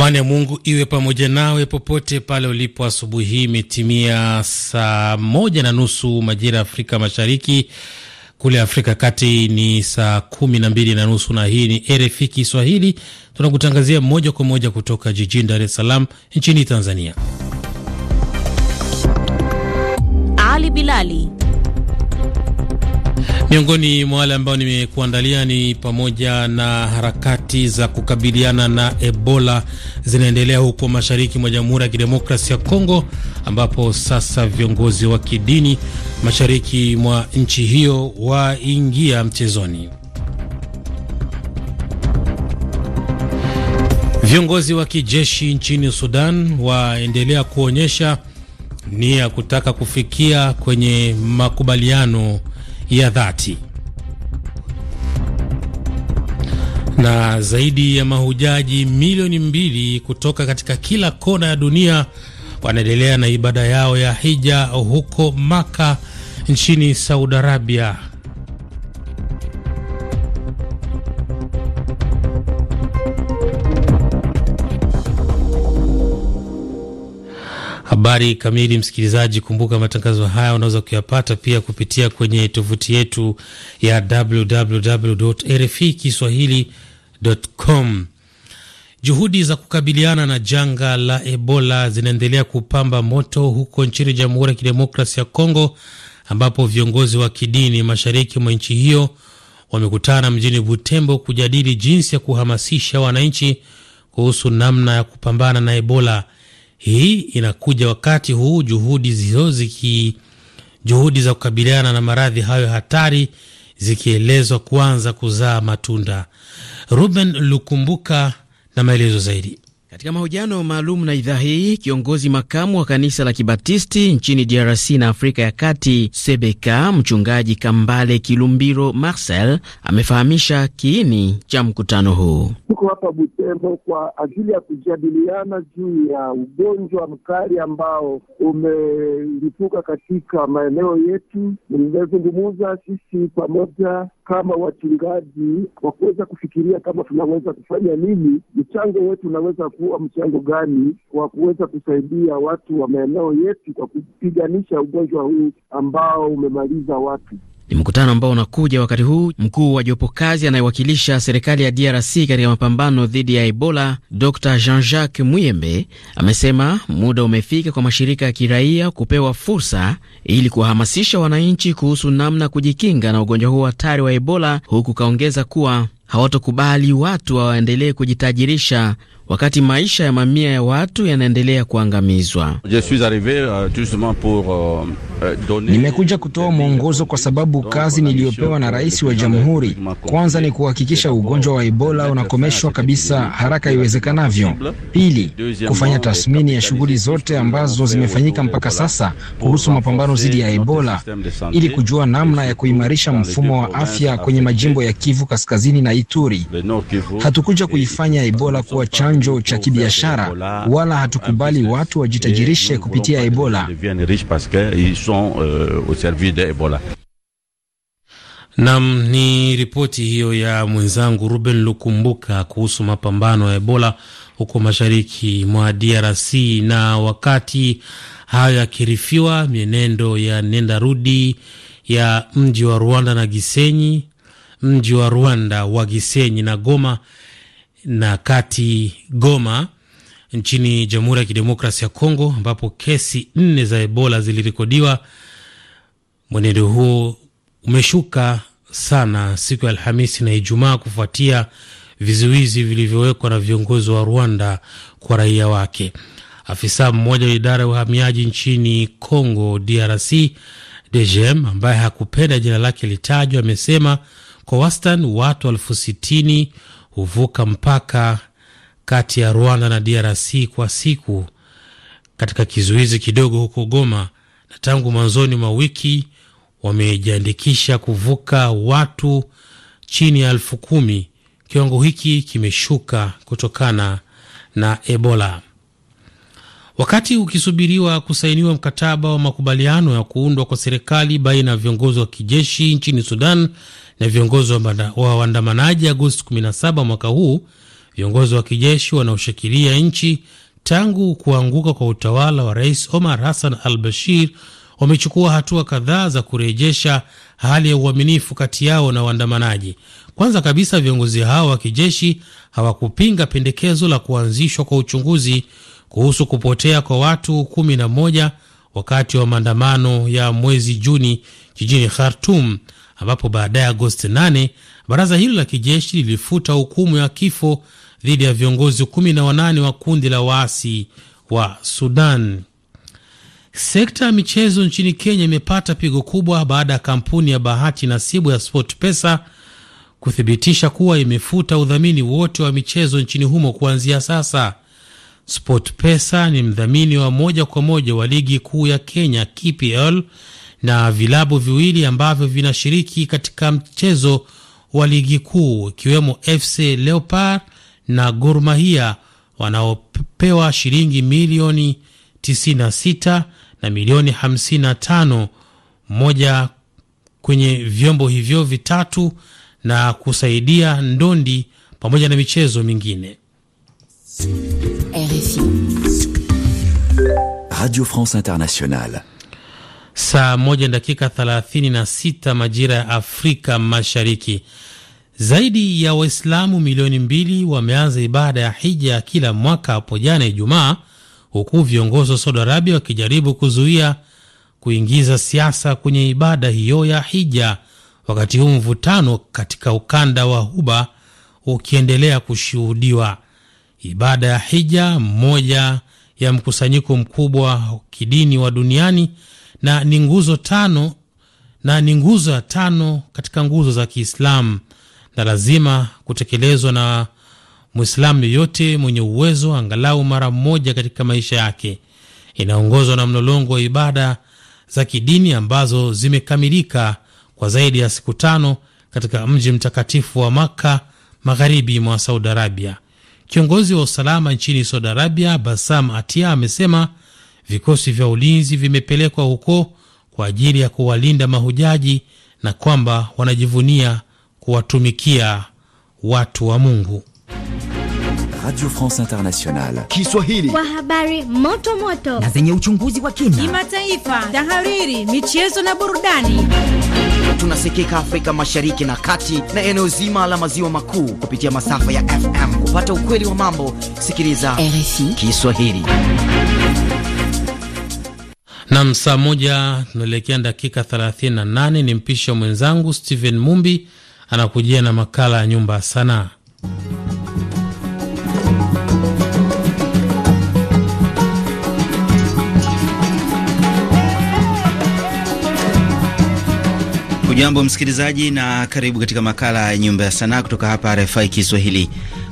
Amani ya Mungu iwe pamoja nawe popote pale ulipo. Asubuhi hii imetimia saa moja na nusu majira ya Afrika Mashariki, kule Afrika Kati ni saa kumi na mbili na nusu na hii ni RFI Kiswahili, tunakutangazia moja kwa moja kutoka jijini Dar es Salaam nchini Tanzania. Ali Bilali Miongoni mwa wale ambao nimekuandalia ni pamoja na harakati za kukabiliana na Ebola zinaendelea huko mashariki mwa Jamhuri ya Kidemokrasia ya Kongo, ambapo sasa viongozi wa kidini mashariki mwa nchi hiyo waingia mchezoni. Viongozi wa kijeshi nchini Sudan waendelea kuonyesha nia ya kutaka kufikia kwenye makubaliano ya dhati. Na zaidi ya mahujaji milioni mbili kutoka katika kila kona ya dunia wanaendelea na ibada yao ya hija huko Maka nchini Saudi Arabia. Habari kamili, msikilizaji, kumbuka matangazo haya unaweza kuyapata pia kupitia kwenye tovuti yetu ya www RFI kiswahili.com. Juhudi za kukabiliana na janga la Ebola zinaendelea kupamba moto huko nchini Jamhuri ya Kidemokrasi ya Kongo, ambapo viongozi wa kidini mashariki mwa nchi hiyo wamekutana mjini Butembo kujadili jinsi ya kuhamasisha wananchi kuhusu namna ya kupambana na Ebola. Hii inakuja wakati huu juhudi zizo ziki juhudi za kukabiliana na maradhi hayo hatari zikielezwa kuanza kuzaa matunda. Ruben Lukumbuka na maelezo zaidi. Katika mahojiano maalum na idhaa hii, kiongozi makamu wa kanisa la Kibatisti nchini DRC na Afrika ya Kati, Sebeka, mchungaji Kambale Kilumbiro Marcel, amefahamisha kiini cha mkutano huu. Tuko hapa Butembo kwa ajili ya kujadiliana juu ya ugonjwa mkali ambao umelipuka katika maeneo yetu. Nimezungumuza sisi pamoja kama wachungaji wa kuweza kufikiria kama tunaweza kufanya nini, mchango wetu unaweza kuwa mchango gani wa kuweza kusaidia watu wa maeneo yetu kwa kupiganisha ugonjwa huu ambao umemaliza watu. Ni mkutano ambao unakuja wakati huu mkuu wa jopo kazi anayewakilisha serikali ya DRC katika mapambano dhidi ya Ebola, Dr Jean-Jacques Muyembe amesema muda umefika kwa mashirika ya kiraia kupewa fursa ili kuwahamasisha wananchi kuhusu namna kujikinga na ugonjwa huo hatari wa Ebola, huku kaongeza kuwa hawatokubali watu waendelee kujitajirisha wakati maisha ya mamia ya watu yanaendelea kuangamizwa. Euh, euh, euh, Nimekuja kutoa mwongozo kwa sababu kazi niliyopewa na rais wa jamhuri kwanza ni kuhakikisha ugonjwa wa Ebola unakomeshwa kabisa haraka iwezekanavyo. Pili, kufanya tathmini ya shughuli zote ambazo zimefanyika mpaka sasa kuhusu mapambano dhidi ya Ebola ili kujua namna ya kuimarisha mfumo wa afya kwenye majimbo ya Kivu Kaskazini na Ituri. Hatukuja kuifanya Ebola kuwa chanjo chanjo cha kibiashara, wala hatukubali watu wajitajirishe kupitia Ebola. Nam ni ripoti hiyo ya mwenzangu Ruben Lukumbuka kuhusu mapambano ya Ebola huko mashariki mwa DRC. Na wakati hayo yakirifiwa, mienendo ya nenda rudi ya mji wa Rwanda na Gisenyi, mji wa Rwanda wa Gisenyi na Goma na kati Goma nchini Jamhuri ya Kidemokrasi ya Kongo, ambapo kesi nne za Ebola zilirekodiwa. Mwenendo huo umeshuka sana siku ya Alhamisi na Ijumaa kufuatia vizuizi vilivyowekwa na viongozi wa Rwanda kwa raia wake. Afisa mmoja wa idara ya uhamiaji nchini Congo DRC DGM, ambaye hakupenda jina lake litajwa, amesema kwa wastani watu elfu sitini kuvuka mpaka kati ya Rwanda na DRC kwa siku katika kizuizi kidogo huko Goma, na tangu mwanzoni mwa wiki wamejiandikisha kuvuka watu chini ya elfu kumi. Kiwango hiki kimeshuka kutokana na Ebola. Wakati ukisubiriwa kusainiwa mkataba wa makubaliano ya kuundwa kwa serikali baina ya viongozi wa kijeshi nchini Sudan na viongozi wa waandamanaji Agosti 17 mwaka huu, viongozi wa kijeshi wanaoshikilia nchi tangu kuanguka kwa utawala wa Rais Omar Hassan al Bashir wamechukua hatua kadhaa za kurejesha hali ya uaminifu kati yao na waandamanaji. Kwanza kabisa, viongozi hao wa kijeshi hawakupinga pendekezo la kuanzishwa kwa uchunguzi kuhusu kupotea kwa watu 11 wakati wa maandamano ya mwezi Juni jijini Khartum ambapo baadaye Agosti 8 baraza hilo la kijeshi lilifuta hukumu ya kifo dhidi ya viongozi 18 wa kundi la waasi wa Sudan. Sekta ya michezo nchini Kenya imepata pigo kubwa baada ya kampuni ya bahati nasibu ya Pesa kuthibitisha kuwa imefuta udhamini wote wa michezo nchini humo kuanzia sasa. Pesa ni mdhamini wa moja kwa moja wa ligi kuu ya Kenya KPL na vilabu viwili ambavyo vinashiriki katika mchezo wa ligi kuu ikiwemo FC Leopard na Gor Mahia wanaopewa shilingi milioni 96 na milioni 55 moja kwenye vyombo hivyo vitatu na kusaidia ndondi pamoja na michezo mingine. RFI. Radio France Internationale saa moja na dakika 36 majira ya Afrika Mashariki. Zaidi ya Waislamu milioni mbili wameanza ibada ya hija kila mwaka hapo jana Ijumaa, huku viongozi wa Saudi Arabia wakijaribu kuzuia kuingiza siasa kwenye ibada hiyo ya hija, wakati huu mvutano katika ukanda wa huba ukiendelea kushuhudiwa. Ibada ya hija, mmoja ya mkusanyiko mkubwa wa kidini wa duniani na ni nguzo tano na ni nguzo ya tano katika nguzo za Kiislamu na lazima kutekelezwa na Mwislamu yoyote mwenye uwezo angalau mara moja katika maisha yake. Inaongozwa na mlolongo wa ibada za kidini ambazo zimekamilika kwa zaidi ya siku tano katika mji mtakatifu wa Makka, magharibi mwa Saudi Arabia. Kiongozi wa usalama nchini Saudi Arabia, Basam Atia, amesema vikosi vya ulinzi vimepelekwa huko kwa ajili ya kuwalinda mahujaji na kwamba wanajivunia kuwatumikia watu wa Mungu. Radio France Internationale Kiswahili, kwa habari moto moto na zenye uchunguzi wa kina, kimataifa, tahariri, michezo na burudani. Tunasikika Afrika Mashariki na Kati na eneo zima la maziwa makuu kupitia masafa ya FM. Kupata ukweli wa mambo, sikiliza RFI Kiswahili. Nam, saa moja tunaelekea dakika 38. Ni mpisha mwenzangu stephen Mumbi anakujia na makala ya nyumba ya sanaa. Ujambo msikilizaji, na karibu katika makala ya nyumba ya sanaa kutoka hapa RFI Kiswahili.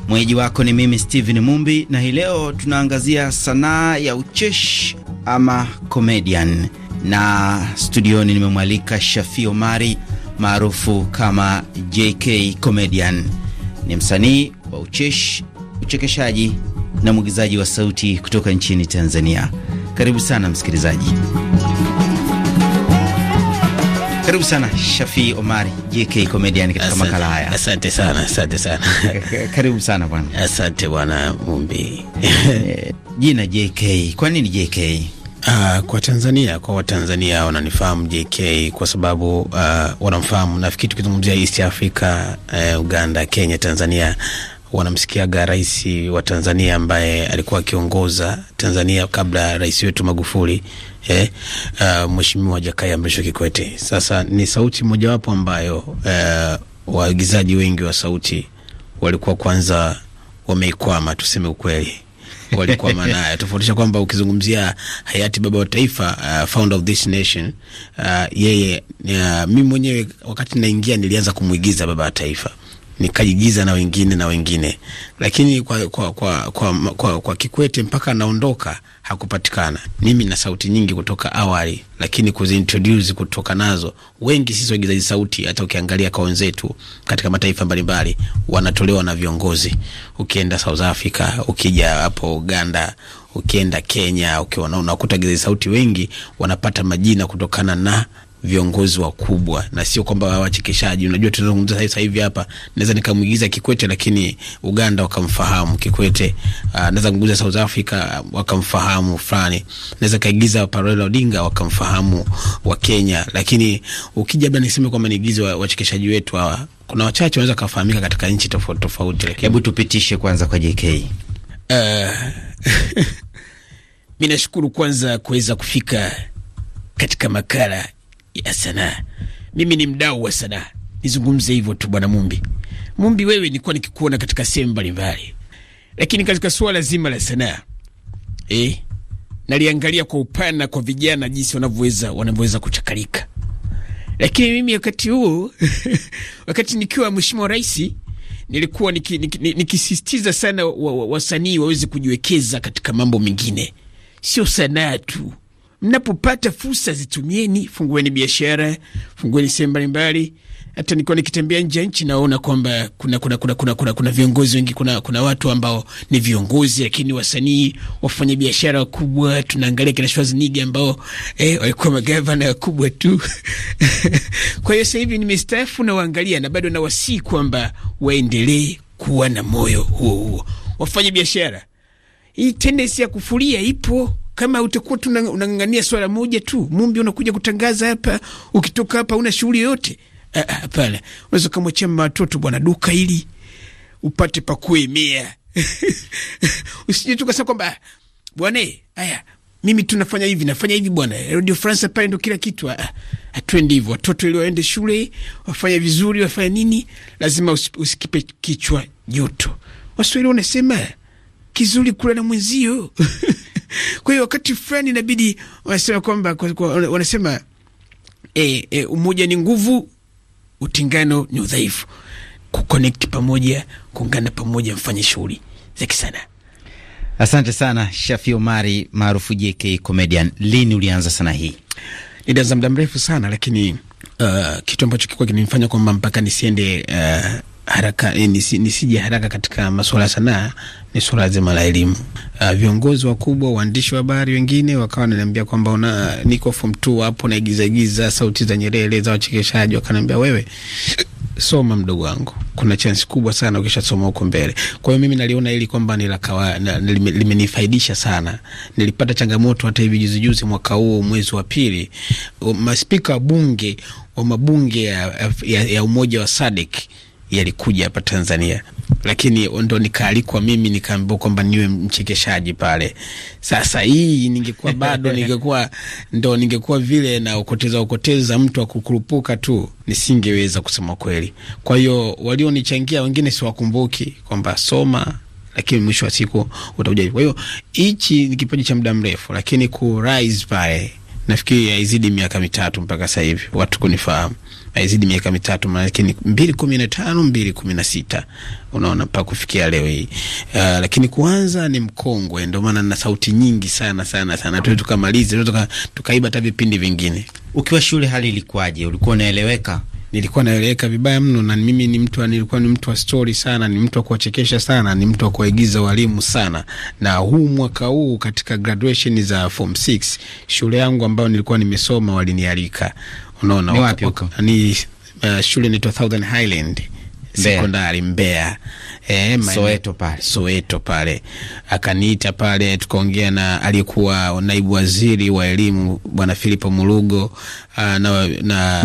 Mwenyeji wako ni mimi stephen Mumbi, na hii leo tunaangazia sanaa ya ucheshi ama comedian, na studioni nimemwalika Shafi Omari maarufu kama JK Comedian. Ni msanii wa ucheshi, uchekeshaji na mwigizaji wa sauti kutoka nchini Tanzania. Karibu sana msikilizaji. Karibu sana Shafi Omari JK comedian katika makala haya. Asante sana, asante sana. Karibu sana bwana. Asante bwana Mumbi. Eh, jina JK, kwa nini JK? Uh, ah, kwa Tanzania, kwa Watanzania wananifahamu JK kwa sababu uh, wanamfahamu. Nafikiri tukizungumzia East Africa, uh, Uganda, Kenya, Tanzania wanamsikiaga rais wa Tanzania ambaye alikuwa akiongoza Tanzania kabla rais wetu Magufuli eh, uh, Mheshimiwa Jakaya Mrisho Kikwete. Sasa ni sauti mojawapo ambayo uh, waigizaji wengi wa sauti walikuwa kwanza wameikwama, tuseme ukweli walikuwa maana tofautisha kwamba ukizungumzia hayati baba wa taifa uh, founder of this nation uh, yeye uh, mimi mwenyewe wakati naingia nilianza kumwigiza baba wa taifa nikaigiza na wengine na wengine, lakini kwa, kwa, kwa, kwa, kwa, kwa Kikwete mpaka anaondoka hakupatikana. Mimi na sauti nyingi kutoka awali, lakini kuzintroduce kutoka nazo, wengi sisi waigizaji sauti, hata ukiangalia kwa wenzetu katika mataifa mbalimbali wanatolewa na viongozi. Ukienda South Africa, ukija hapo Uganda ukienda Kenya, ukiona unakuta waigizaji sauti wengi wanapata majina kutokana na viongozi wakubwa na sio kwamba wachekeshaji. Unajua, tunazungumza sasa hivi hapa, naweza nikamuigiza Kikwete lakini Uganda wakamfahamu Kikwete. Uh, naweza kumguza South Africa wakamfahamu fulani, naweza kaigiza Raila Odinga wakamfahamu wa Kenya, lakini ukija labda niseme kwamba niigize wachekeshaji wetu hawa, kuna wachache wanaweza kafahamika katika nchi tofauti tofauti. Lakini Hebu tupitishe kwanza kwa JK. Uh, eh, mi nashukuru kwanza kuweza kufika katika makala ya sanaa. Mimi ni mdau wa sanaa, nizungumze hivyo tu. Bwana Mumbi, Mumbi, wewe nilikuwa nikikuona katika sehemu mbalimbali, lakini katika suala zima la sanaa eh, naliangalia kwa upana kwa vijana jinsi wanavyoweza wanavyoweza kuchakalika. Lakini mimi wakati huo wakati nikiwa mheshimiwa rais nilikuwa nikisisitiza sana wasanii wa, wa waweze kujiwekeza katika mambo mengine, sio sanaa tu. Mnapopata fursa zitumieni, fungueni biashara, fungueni sehemu mbalimbali. Hata nikuwa nikitembea nje ya nchi naona kwamba kuna, kuna, kuna, kuna, kuna, kuna viongozi wengi, kuna, kuna watu ambao ni viongozi lakini wasanii, wafanya biashara wakubwa. Tunaangalia kina Schwarzenegger ambao eh, walikuwa magavana wakubwa tu kwa hiyo sasa hivi nimestaafu na waangalia na bado nawasii kwamba waendelee kuwa na moyo huo huo, wafanye biashara. Hii tendensi ya kufuria ipo kama utakuwa tu unang'ang'ania swala moja tu, Mumbi unakuja kutangaza hapa, ukitoka hapa una shughuli yoyote eh, eh, hapana. unaweza kumwachia mama watoto, bwana, duka hili upate pa kuemea. Usije tu kasema kwamba bwana, haya mimi tunafanya hivi nafanya hivi bwana, Radio France pale ndo kila kitu. Ah, ah, Atwendi hivyo, watoto ili waende shule wafanye vizuri wafanye nini, lazima us, usikipe kichwa joto. Waswahili wanasema kizuri kula na mwenzio Kwa hiyo wakati fulani inabidi wanasema kwamba kwa, kwa, wanasema e, e, umoja ni nguvu, utingano ni udhaifu. Kuconnect pamoja, kuungana pamoja, mfanye shughuli za kisana Asante sana Shafi Omari maarufu JK Comedian. Lini ulianza sana hii? Nidaza muda mrefu sana lakini, uh, kitu ambacho kikuwa kinanifanya kwamba mpaka nisiende uh, haraka e, nisi, nisije haraka katika masuala ya sanaa, ni suala zima la elimu. Uh, viongozi wakubwa, waandishi wa habari wengine wakawa wananiambia kwamba una niko form 2 hapo naigizaigiza sauti za Nyerere za wachekeshaji, wakaniambia wewe soma mdogo wangu, kuna chansi kubwa sana ukishasoma huko mbele. Kwa hiyo mimi naliona ili kwamba ni limenifaidisha sana. Nilipata changamoto hata hivi juzi juzi, mwaka huu mwezi wa pili, maspika wa bunge wa mabunge ya, ya, ya umoja wa Sadek yalikuja hapa Tanzania, lakini ndo nikaalikwa mimi, nikaambiwa kwamba niwe mchekeshaji pale. Sasa hii ningekuwa bado ningekuwa ndo ningekuwa vile na ukoteza ukoteza mtu akukurupuka tu, nisingeweza kusema kweli. Kwa hiyo walionichangia wengine siwakumbuki kwamba soma lakini mwisho wa siku utakuja. Kwa hiyo hichi ni kipaji cha muda mrefu, lakini ku rise pale nafikiri haizidi miaka mitatu mpaka sasa hivi watu kunifahamu haizidi miaka mitatu, maanake ni mbili kumi na tano mbili kumi na sita unaona pa kufikia leo hii. Uh, lakini kwanza ni mkongwe, ndio maana na sauti nyingi sana sana sana, tu tukamalize tuka, tukaiba hata vipindi vingine. Ukiwa shule hali ilikuwaje? Ulikuwa unaeleweka? Nilikuwa naeleweka vibaya mno, na mimi ni mtu nilikuwa ni mtu wa stori sana, ni mtu wa kuwachekesha sana, ni mtu wa kuwaigiza walimu sana. Na huu mwaka huu katika graduation za form 6 shule yangu ambayo nilikuwa nimesoma walinialika Unaona ni wapi huko? Ni uh, shule inaitwa Southern Highland Sekondari Mbeya eh, Soweto pale, Soweto pale akaniita pale, tukaongea na aliyekuwa naibu waziri wa elimu bwana Filipo Mulugo ah, na, na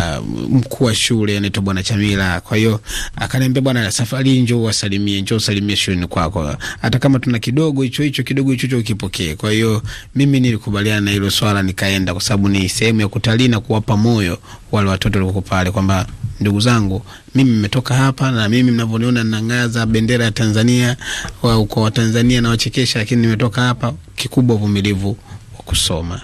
mkuu wa shule anaitwa bwana Chamila. Kwa hiyo akaniambia, bwana, safari njoo wasalimie, njoo salimie shuleni kwako, hata kama tuna kidogo hicho hicho kidogo hicho hicho ukipokee. Kwa hiyo mimi nilikubaliana na hilo swala, nikaenda kwa sababu ni sehemu ya kutalii na kuwapa moyo wale watoto walioko pale kwamba ndugu zangu, mimi nimetoka hapa na mimi mnavyoniona ninang'aza bendera ya Tanzania kwa, kwa Watanzania nawachekesha, lakini nimetoka hapa. Kikubwa uvumilivu wa kusoma.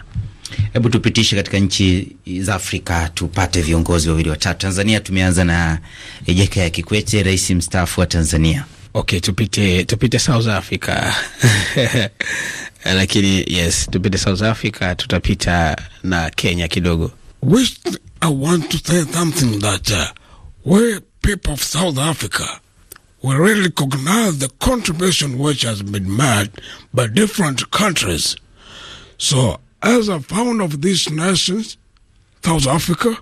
Hebu tupitishe katika nchi za Afrika tupate viongozi wawili watatu. Tanzania tumeanza na Jakaya Kikwete, rais mstaafu wa Tanzania. Okay, tupite tupite South Africa lakini yes, tupite South Africa, tutapita na Kenya kidogo. Which I want to say something that uh, we people of South Africa, we really recognize the contribution which has been made by different countries. So, as a founder of these nations, South Africa,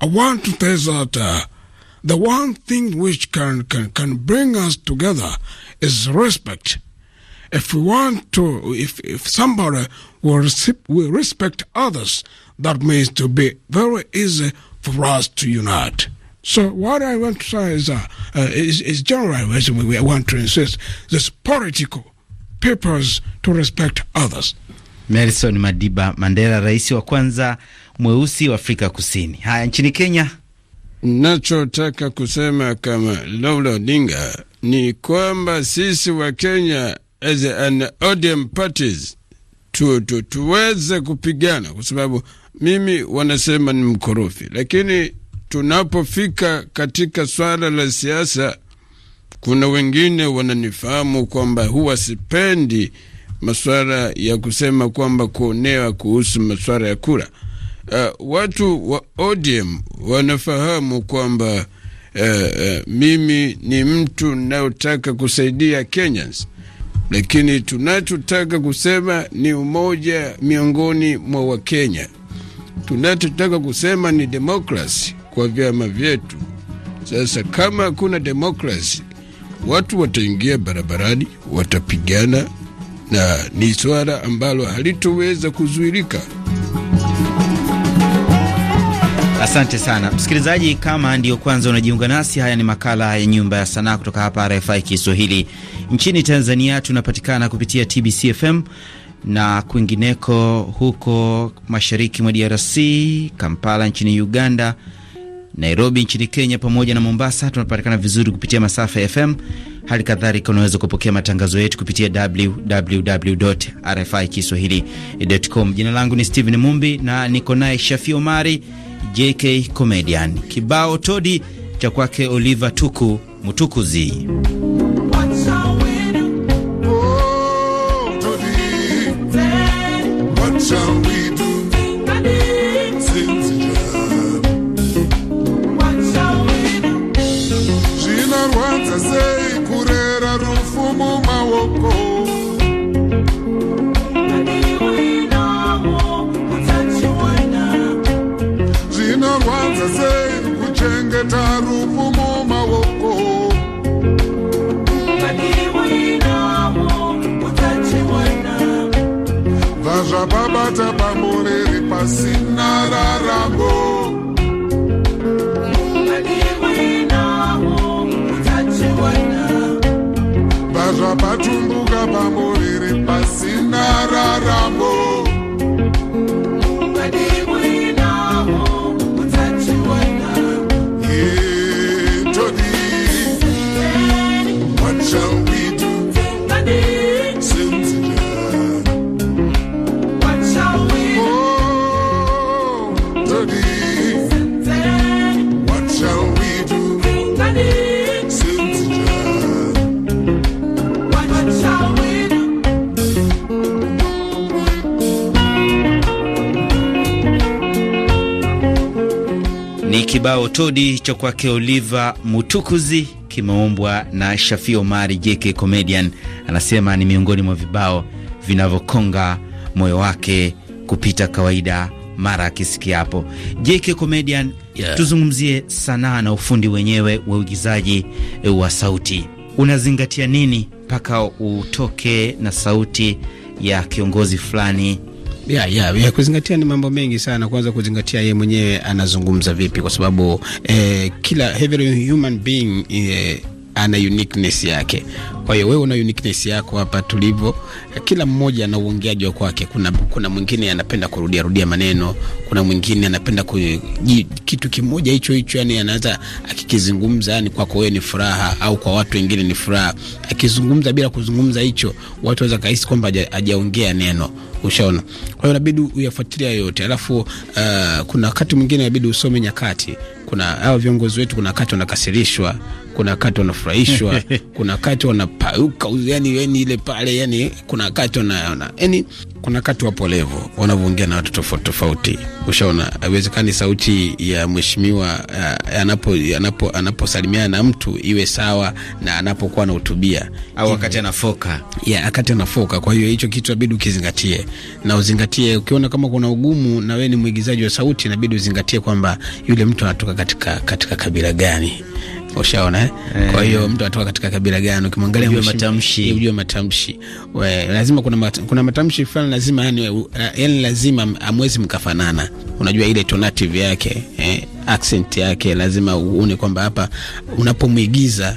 I want to say that uh, the one thing which can, can, can bring us together is respect. If we want to, if, if somebody will, will respect others, that means to be very easy for us to unite. So what I want to say is, uh, uh, is, is generalization we want to insist this political purpose to respect others. Nelson Madiba Mandela, rais wa kwanza mweusi wa Afrika Kusini. Haya, nchini Kenya, nachotaka kusema kama Lola Odinga ni kwamba sisi wa Kenya as an odium parties tu, tu, tuweze kupigana kwa sababu mimi wanasema ni mkorofi, lakini tunapofika katika swala la siasa, kuna wengine wananifahamu kwamba huwa sipendi maswala ya kusema kwamba kuonewa kuhusu maswala ya kura. Uh, watu wa ODM wanafahamu kwamba uh, uh, mimi ni mtu nayotaka kusaidia Kenyans, lakini tunachotaka kusema ni umoja miongoni mwa Wakenya. Tunachotaka kusema ni demokrasi kwa vyama vyetu. Sasa kama hakuna demokrasi, watu wataingia barabarani, watapigana, na ni swala ambalo halitoweza kuzuilika. Asante sana msikilizaji, kama ndiyo kwanza unajiunga nasi, haya ni makala ya Nyumba ya Sanaa kutoka hapa RFI Kiswahili. Nchini Tanzania tunapatikana kupitia TBC FM na kwingineko huko mashariki mwa DRC, Kampala nchini Uganda, Nairobi nchini Kenya pamoja na Mombasa tunapatikana vizuri kupitia masafa ya FM. Hali kadhalika unaweza kupokea matangazo yetu kupitia www.rfikiswahili.com. Jina langu ni Steven Mumbi na niko naye Shafi Omari JK Comedian. Kibao todi cha kwake Oliver Tuku Mutukuzi. pasina raramo pazvabatumbuka pamuviri pasina Kibao Todi cha kwake Oliver Mutukuzi kimeumbwa na Shafi Omari JK Comedian, anasema ni miongoni mwa vibao vinavyokonga moyo wake kupita kawaida mara akisikia hapo. JK Comedian, yeah. Tuzungumzie sanaa na ufundi wenyewe wa uigizaji wa sauti. Unazingatia nini mpaka utoke na sauti ya kiongozi fulani ya, ya, yeah. kuzingatia ni mambo mengi sana. Kwanza kuzingatia yeye mwenyewe anazungumza vipi, kwa sababu eh, kila every human being eh, ana uniqueness yake. Kwa hiyo wewe una uniqueness yako hapa tulivyo, kila mmoja ana uongeaji wa kwake. Kuna, kuna mwingine anapenda kurudia rudia maneno, kuna mwingine anapenda ku, kitu kimoja hicho hicho, yani anaanza akikizungumza, yani kwako wewe ni furaha au kwa watu wengine ni furaha. Akizungumza bila kuzungumza hicho, watu waweza kahisi kwamba hajaongea neno. Ushaona? Kwa hiyo inabidi uyafuatilia yote, alafu uh, kuna wakati mwingine inabidi usome nyakati. Kuna hao viongozi wetu, kuna wakati wanakasirishwa kuna wakati wanafurahishwa kuna wakati wanapauka yani, yani ile pale yani, kuna wakati wanaona yani, kuna wakati wapolevu wanavyoongea na watu tofauti tofauti. Ushaona, haiwezekani sauti ya mheshimiwa uh, anapo anapo anaposalimiana na mtu iwe sawa na anapokuwa anahutubia au wakati anafoka, yeah, wakati anafoka. Kwa hiyo hicho kitu inabidi ukizingatie na uzingatie, ukiona kama kuna ugumu na wewe ni mwigizaji wa sauti, inabidi uzingatie kwamba yule mtu anatoka katika katika kabila gani Ushaona eh? eh? Kwa hiyo mtu atoka katika kabila gani, ukimwangalia ujue matamshi, ujue matamshi. We, lazima kuna mat, kuna matamshi fulani lazima yani, eh, yani lazima amwezi mkafanana. Unajua ile tonative yake eh, accent yake lazima uone kwamba hapa unapomwigiza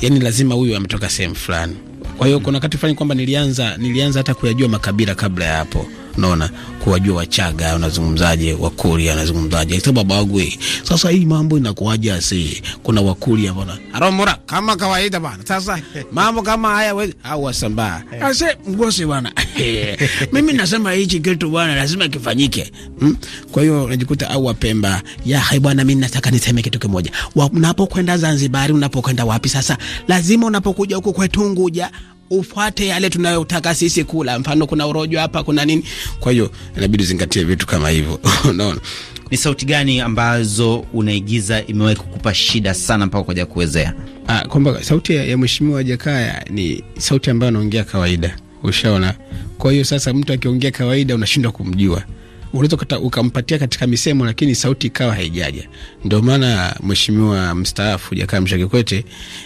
yani lazima huyu ametoka sehemu fulani. Kwa hiyo kuna wakati fulani kwamba nilianza nilianza hata kuyajua makabila kabla ya hapo unaona, kuwajua Wachaga wanazungumzaje, Wakuria wanazungumzaje, Babagwe. Sasa hii mambo inakuwaje? Asi kuna Wakuria bwana Aromura kama kawaida bana. Sasa mambo kama haya wezi au Wasambaa eh. ase mgosi bana. mimi nasema hichi kitu bwana lazima kifanyike, hmm? Kwa hiyo unajikuta au Wapemba ya hai bwana, mi nataka niseme kitu kimoja. Unapokwenda Zanzibari, unapokwenda wapi sasa, lazima unapokuja huku kwetu Unguja ufuate yale tunayotaka sisi kula, mfano kuna urojo hapa, kuna nini. Kwa hiyo inabidi uzingatie vitu kama hivyo unaona. Ni sauti gani ambazo unaigiza imewahi kukupa shida sana mpaka kuja kuwezea? Ah, kwamba sauti ya, ya mheshimiwa Jakaya ni sauti ambayo anaongea kawaida, ushaona. Kwa hiyo sasa mtu akiongea kawaida unashindwa kumjua unaweza ukampatia katika misemo, lakini sauti ikawa haijaja. Ndio maana mheshimiwa mstaafu Jakaya Mrisho Kikwete,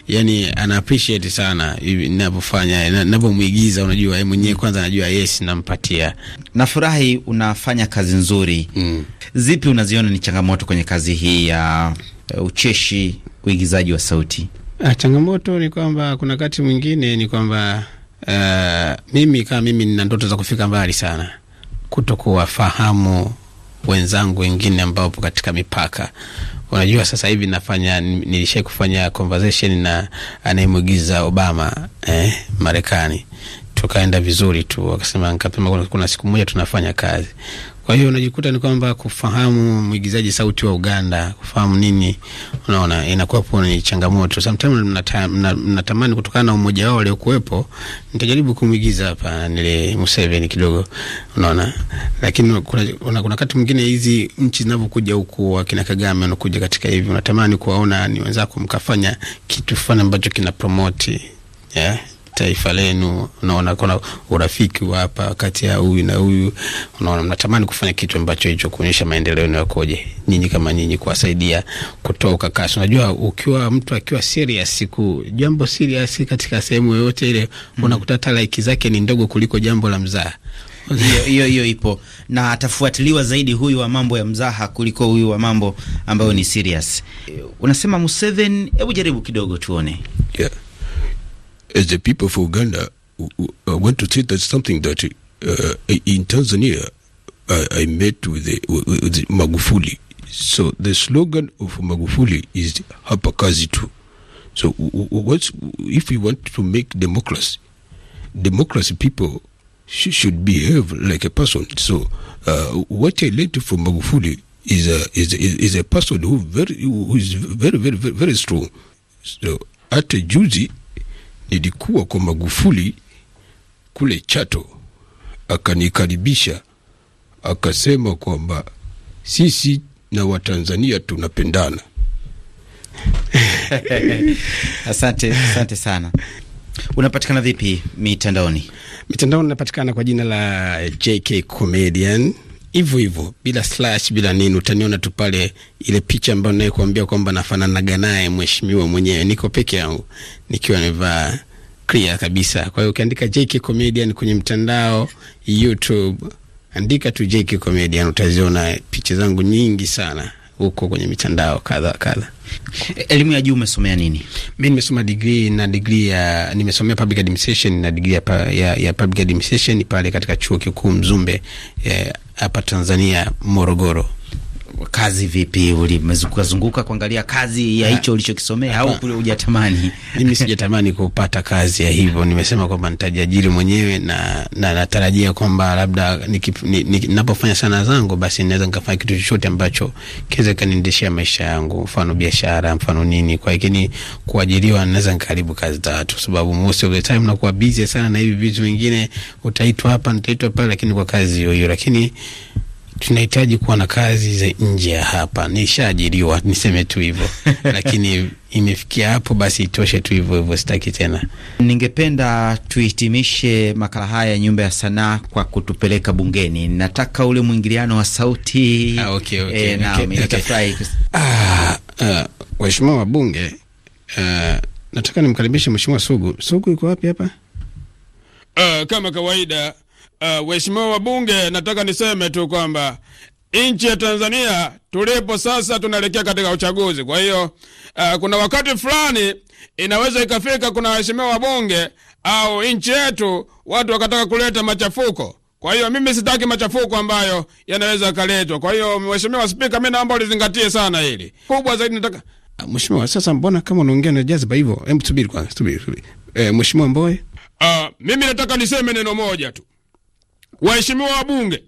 yani ana appreciate sana ninavyofanya ninavyomwigiza. Unajua yeye mwenyewe kwanza anajua yes, nampatia. Nafurahi unafanya kazi nzuri mm. Zipi unaziona ni changamoto kwenye kazi hii ya uh, ucheshi, uigizaji wa sauti? Ah, changamoto ni kwamba kuna wakati mwingine ni kwamba uh, mimi kama mimi nina ndoto za kufika mbali sana kuto kuwafahamu wenzangu wengine ambao wapo katika mipaka. Unajua, sasa hivi nafanya nilishai kufanya conversation na anayemwigiza Obama eh, Marekani, tukaenda vizuri tu, wakasema, nkapema kuna siku moja tunafanya kazi kwa hiyo unajikuta ni kwamba kufahamu mwigizaji sauti wa Uganda, kufahamu nini, unaona inakuwapo ni changamoto. Sometimes mnatamani kutokana na umoja wao waliokuwepo, nitajaribu kumwigiza hapa nile Museveni kidogo, unaona. Lakini kuna, kuna, mwingine hizi nchi zinavyokuja huku wakina Kagame wanakuja katika hivi, unatamani kuwaona ni wenzako mkafanya kitu fulani ambacho kina promoti yeah taifa lenu, unaona kuna urafiki wa hapa kati ya huyu na huyu, unaona mnatamani kufanya kitu ambacho hicho kuonyesha maendeleo yenu yakoje, nyinyi kama nyinyi kuwasaidia kutoa ukakasi. Unajua, ukiwa mtu akiwa serious siku jambo serious katika sehemu yoyote ile mm, unakuta hata like zake ni ndogo kuliko jambo la mzaha hiyo hiyo ipo na atafuatiliwa zaidi huyu wa mambo ya mzaha kuliko huyu wa mambo ambayo ni serious. Unasema Museveni, hebu jaribu kidogo tuone, yeah. As the people of Uganda uh, want to say that something that uh, in Tanzania I, I met with, the, with Magufuli. So the slogan of Magufuli is "hapakazi kazi tu. So what's, if we want to make democracy, democracy people should behave like a person. So uh, what I learned from Magufuli is a is, is, is a person who very who is very very very, very strong. So at juicy. nilikuwa kwa Magufuli kule Chato, akanikaribisha akasema kwamba sisi na Watanzania tunapendana. Asante, asante sana. Unapatikana vipi mitandaoni? Mitandaoni napatikana kwa jina la JK Comedian hivyo hivyo bila slash bila nini, utaniona tu pale ile picha ambayo ninayokuambia kwamba nafananaga naye mheshimiwa mwenyewe. Niko peke yangu nikiwa nimevaa clear kabisa. Kwa hiyo ukiandika JK Comedian kwenye mtandao YouTube, andika tu JK Comedian, utaziona picha zangu nyingi sana huko kwenye mitandao kadha kadha. Elimu ya juu umesomea nini? Mimi nimesoma degree na degree ya nimesomea public administration na degree ya, ya, ya public administration pale katika chuo kikuu Mzumbe eh, hapa Tanzania, Morogoro. Kazi vipi? Ulimezunguka kuangalia kazi ya hicho ulichokisomea au kule hujatamani? Mimi sijatamani kupata kazi ya hivyo, nimesema kwamba nitajiajiri mwenyewe na, na natarajia kwamba labda ninapofanya ni, ni, sana zangu basi naweza nikafanya kitu chochote ambacho kiweze kaniendeshea maisha yangu, mfano biashara, mfano nini. Kwa hiyo kuajiriwa naweza nikaribu kazi tatu, sababu most of the time nakuwa busy sana na hivi vitu vingine, utaitwa hapa nitaitwa pale, lakini kwa kazi hiyo hiyo lakini tunahitaji kuwa na kazi za nje ya hapa. Nishaajiriwa, niseme tu hivyo lakini imefikia hapo, basi itoshe tu hivyo hivyo, sitaki tena. Ningependa tuhitimishe makala haya ya Nyumba ya Sanaa kwa kutupeleka bungeni. Nataka ule mwingiliano wa sauti. Ah, okay, okay, e, okay, okay. okay. ah, ah, waheshimiwa wabunge ah, nataka nimkaribishe mheshimiwa Sugu. Sugu yuko wapi hapa? Uh, kama kawaida Eh, waheshimiwa uh, wabunge, nataka niseme tu kwamba nchi ya Tanzania tulipo sasa tunaelekea katika uchaguzi. Kwa hiyo uh, kuna wakati fulani inaweza ikafika, kuna waheshimiwa wabunge au nchi yetu watu wakataka kuleta machafuko. Kwa hiyo mimi sitaki machafuko ambayo yanaweza yakaletwa. Kwa hiyo mheshimiwa Spika, mi naomba ulizingatie sana hili kubwa zaidi. Nataka ah, mheshimiwa, sasa mbona kama unaongea na jazba hivyo? Hebu subiri kwanza, subiri subiri. E, mheshimiwa Mbowe, uh, mimi nataka niseme neno moja tu waheshimiwa wabunge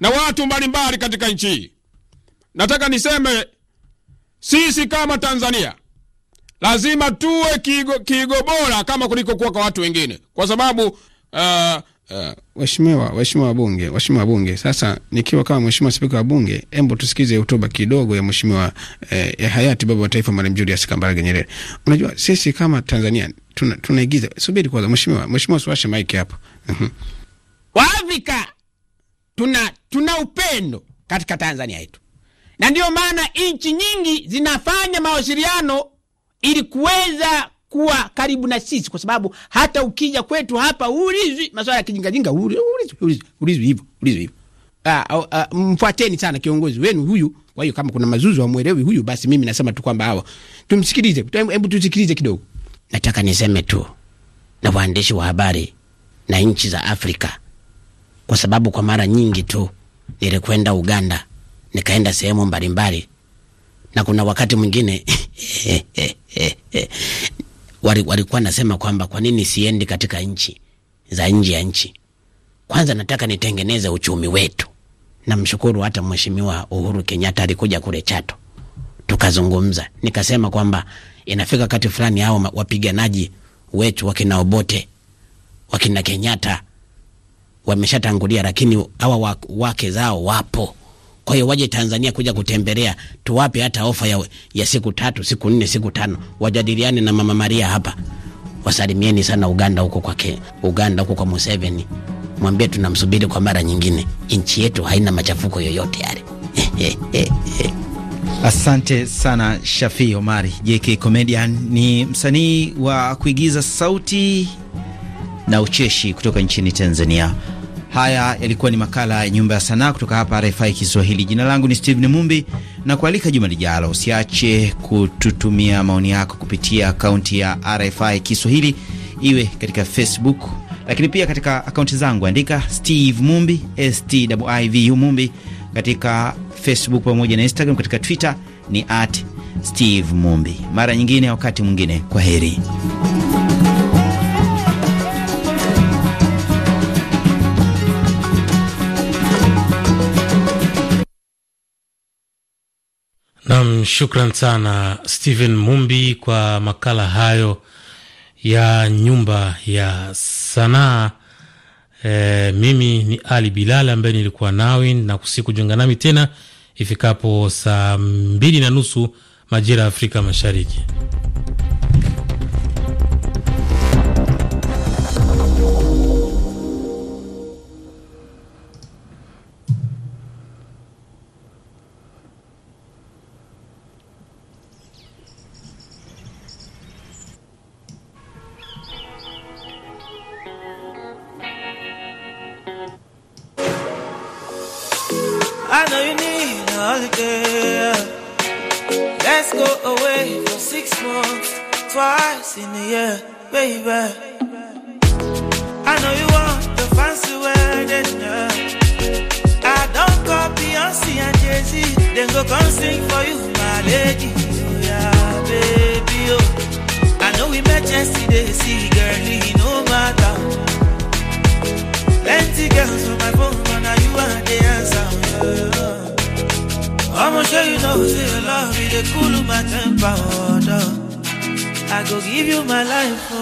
na watu mbalimbali katika nchi hii, nataka niseme sisi kama Tanzania lazima tuwe kiigo, kiigo bora kama kuliko kuwa kwa watu wengine, kwa sababu uh, uh, weshimiwa weshimiwa wabunge weshimiwa wabunge. Sasa nikiwa kama mweshimiwa spika wa bunge, embo tusikize hotuba kidogo ya mweshimiwa eh, ya hayati baba wa taifa Mwalimu Julius Kambarage Nyerere. Unajua sisi kama Tanzania tunaigiza tuna, tuna subiri kwanza, mweshimiwa mweshimiwa suwashe maiki hapo mhm. Waafrika tuna, tuna upendo katika Tanzania yetu, na ndiyo maana nchi nyingi zinafanya mawasiliano ili kuweza kuwa karibu na sisi, kwa sababu hata ukija kwetu hapa ulizwi maswala ya kijingajinga, ulizwi hivyo, hivyo. Ah, ah, mfuateni sana kiongozi wenu huyu. Kwa hiyo kama kuna mazuzu hamwelewi huyu, basi mimi nasema tu kwamba hawa tumsikilize. Hebu tusikilize kidogo. Nataka niseme tu na waandishi wa habari na nchi za Afrika kwa sababu kwa mara nyingi tu nilikwenda Uganda, nikaenda sehemu mbalimbali, na kuna wakati mwingine walikuwa nasema kwamba kwa nini siendi katika nchi za nje ya nchi. Kwanza nataka nitengeneze uchumi wetu. Namshukuru hata Mheshimiwa Uhuru Kenyatta alikuja kule Chato tukazungumza, nikasema kwamba inafika wakati fulani hao wapiganaji wetu wakina Obote wakina Kenyatta wameshatangulia, lakini hawa wake zao wapo. Kwa hiyo waje Tanzania kuja kutembelea, tuwape hata ofa ya, ya siku tatu, siku nne, siku tano, wajadiliane na Mama Maria hapa. Wasalimieni sana Uganda huko kwake, Uganda huko kwa Museveni, mwambie tunamsubiri kwa mara nyingine. Nchi yetu haina machafuko yoyote yale. Asante sana Shafii Omari. JK Comedian ni msanii wa kuigiza sauti na ucheshi kutoka nchini Tanzania. Haya yalikuwa ni makala ya Nyumba ya Sanaa kutoka hapa RFI Kiswahili. Jina langu ni Steven Mumbi na kualika juma lijalo. Usiache kututumia maoni yako kupitia akaunti ya RFI Kiswahili, iwe katika Facebook lakini pia katika akaunti zangu andika Steve Mumbi, Stivu Mumbi katika Facebook pamoja na Instagram. Katika Twitter ni at Steve Mumbi. Mara nyingine, wakati mwingine, kwa heri. Shukran sana Stephen Mumbi kwa makala hayo ya nyumba ya sanaa. E, mimi ni Ali Bilal ambaye nilikuwa nawe na kujunga nami tena ifikapo saa mbili na nusu majira ya Afrika Mashariki. all Let's go away for six months, twice in a year, baby. I know you want the fancy wedding. Yeah. I don't call Beyonce and Jay Z. Then go come sing for you, my lady. Yeah, baby. Oh. I know we met yesterday, see, girlie, no matter. Plenty girls on my phone, but now you are the answer. Yeah. I'ma show you know, say your love me, they cool my temper, oh, dog. I go give you my life, oh,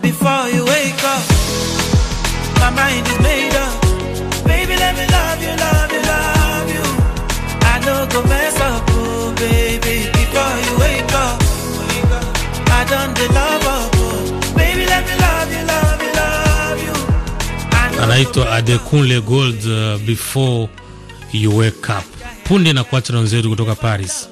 before you wake up. My mind is made up. Baby, let me love you, love you, love you. I know go mess up, oh, baby, before you wake up. I done the love up, oh. baby, let me love you, love you, love you. Anaitwa Adekunle Gold uh, before you wake up punde na kuacha na wenzetu kutoka Paris.